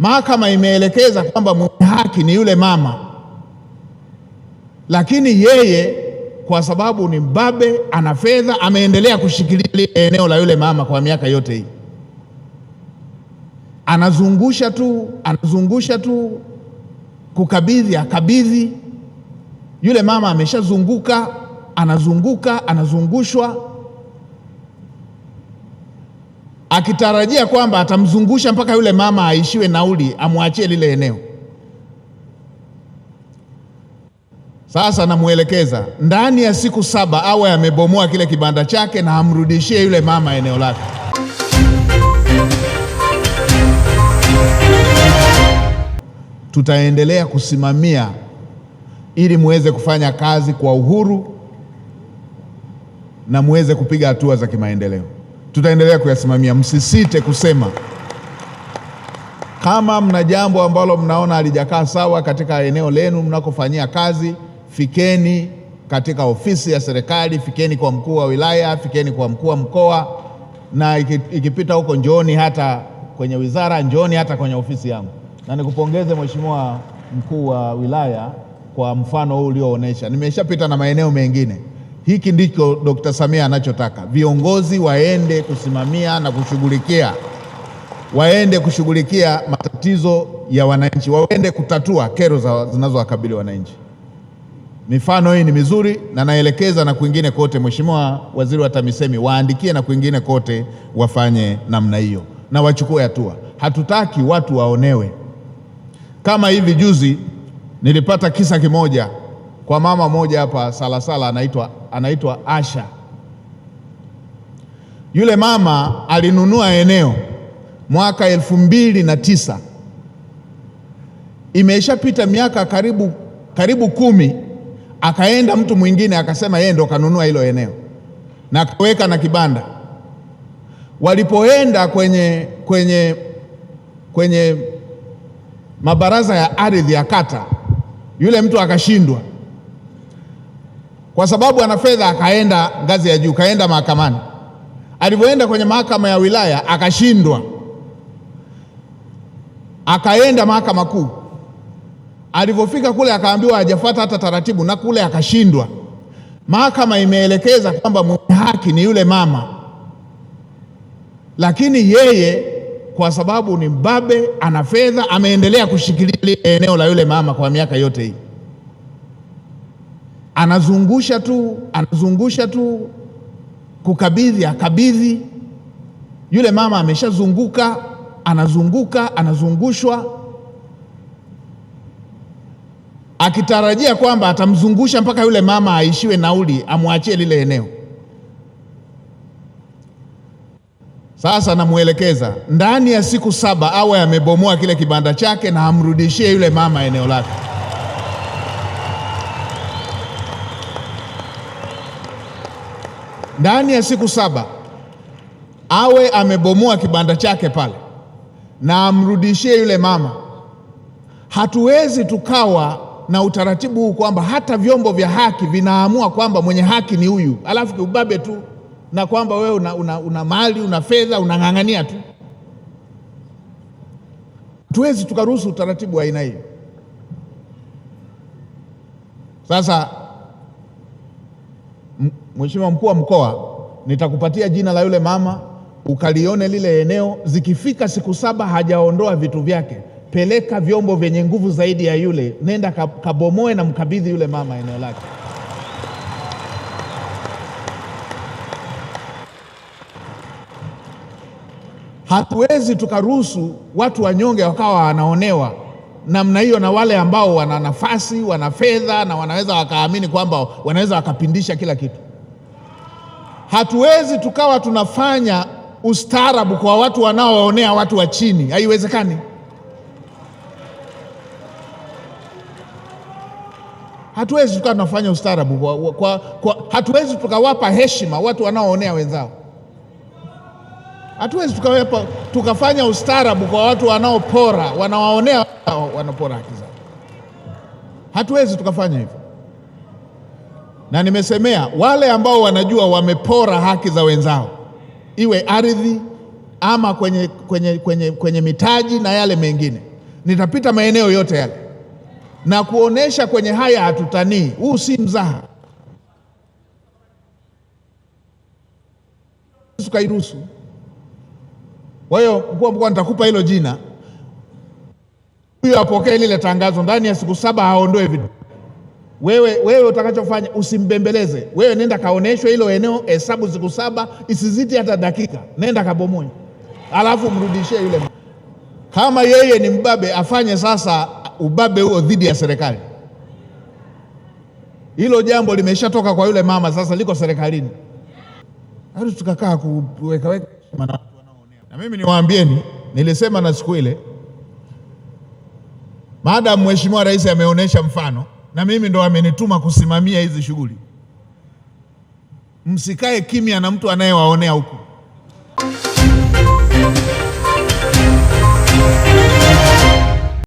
Mahakama imeelekeza kwamba mwenye haki ni yule mama, lakini yeye kwa sababu ni mbabe, ana fedha, ameendelea kushikilia lile eneo la yule mama kwa miaka yote hii, anazungusha tu, anazungusha tu, kukabidhi akabidhi. Yule mama ameshazunguka, anazunguka, anazungushwa akitarajia kwamba atamzungusha mpaka yule mama aishiwe nauli, amwachie lile eneo. Sasa namwelekeza ndani ya siku saba awe amebomoa kile kibanda chake na amrudishie yule mama eneo lake. Tutaendelea kusimamia ili muweze kufanya kazi kwa uhuru na muweze kupiga hatua za kimaendeleo tutaendelea kuyasimamia. Msisite kusema kama mna jambo ambalo mnaona halijakaa sawa katika eneo lenu mnakofanyia kazi, fikeni katika ofisi ya serikali, fikeni kwa mkuu wa wilaya, fikeni kwa mkuu wa mkoa, na ikipita huko njooni hata kwenye wizara, njooni hata kwenye ofisi yangu. Na nikupongeze Mheshimiwa mkuu wa wilaya kwa mfano huu ulioonesha. Nimeshapita na maeneo mengine. Hiki ndicho Dkt. Samia anachotaka, viongozi waende kusimamia na kushughulikia, waende kushughulikia matatizo ya wananchi, waende kutatua kero zinazowakabili wananchi. Mifano hii ni mizuri na naelekeza na kwingine kote. Mheshimiwa Waziri wa TAMISEMI, waandikie na kwingine kote wafanye namna hiyo na wachukue hatua. Hatutaki watu waonewe. Kama hivi juzi nilipata kisa kimoja kwa mama moja hapa Salasala, anaitwa anaitwa Asha. Yule mama alinunua eneo mwaka elfu mbili na tisa. Imeshapita miaka karibu, karibu kumi. Akaenda mtu mwingine akasema yeye ndo kanunua hilo eneo na kaweka na kibanda. Walipoenda kwenye, kwenye, kwenye mabaraza ya ardhi ya kata, yule mtu akashindwa kwa sababu ana fedha, akaenda ngazi ya juu, kaenda mahakamani. Alivyoenda kwenye mahakama ya wilaya akashindwa, akaenda mahakama kuu. Alivyofika kule akaambiwa hajafuata hata taratibu, na kule akashindwa. Mahakama imeelekeza kwamba mwenye haki ni yule mama, lakini yeye kwa sababu ni mbabe, ana fedha, ameendelea kushikilia eneo la yule mama kwa miaka yote hii anazungusha tu anazungusha tu, kukabidhi akabidhi, yule mama ameshazunguka, anazunguka, anazungushwa, akitarajia kwamba atamzungusha mpaka yule mama aishiwe nauli, amwachie lile eneo. Sasa namwelekeza ndani ya siku saba awe amebomoa kile kibanda chake na amrudishie yule mama eneo lake. ndani ya siku saba awe amebomoa kibanda chake pale na amrudishie yule mama. Hatuwezi tukawa na utaratibu huu kwamba hata vyombo vya haki vinaamua kwamba mwenye haki ni huyu, alafu kiubabe tu na kwamba wewe una, una, una mali una fedha unang'ang'ania tu. Hatuwezi tukaruhusu utaratibu wa aina hiyo. Sasa Mheshimiwa mkuu wa mkoa, nitakupatia jina la yule mama ukalione lile eneo. Zikifika siku saba hajaondoa vitu vyake, peleka vyombo vyenye nguvu zaidi ya yule, nenda kabomoe na mkabidhi yule mama eneo lake. Hatuwezi tukaruhusu watu wanyonge wakawa wanaonewa namna hiyo na wale ambao wana nafasi, wana fedha na wanaweza wakaamini kwamba wanaweza wakapindisha kila kitu. Hatuwezi tukawa tunafanya ustaarabu kwa watu wanaoonea watu wa chini, haiwezekani. Hatuwezi tukawa tunafanya ustaarabu kwa, kwa, kwa, hatuwezi tukawapa heshima watu wanaoonea wenzao. Hatuwezi tukawepa tukafanya ustaarabu kwa watu wanaopora, wanawaonea wanapora haki zao. Hatuwezi tukafanya hivyo, na nimesemea wale ambao wanajua wamepora haki za wenzao, iwe ardhi ama kwenye, kwenye, kwenye, kwenye mitaji na yale mengine. Nitapita maeneo yote yale na kuonesha kwenye haya hatutanii, huu si mzaha, tukairuhusu kwa hiyo mkuu wa mkoa nitakupa hilo jina, huyo apokee lile tangazo, ndani ya siku saba aondoe vitu. Wewe, wewe utakachofanya usimbembeleze, wewe nenda kaoneshwe hilo eneo, hesabu siku saba, isizidi hata dakika, nenda kabomoe, alafu mrudishie yule. Kama yeye ni mbabe, afanye sasa ubabe huo dhidi ya serikali. Hilo jambo limeshatoka kwa yule mama, sasa liko serikalini. Hadi tukakaa kuwekaweka na mimi niwaambieni, nilisema na siku ile, maadamu Mheshimiwa Rais ameonyesha mfano na mimi ndo amenituma kusimamia hizi shughuli, msikae kimya na mtu anayewaonea huko.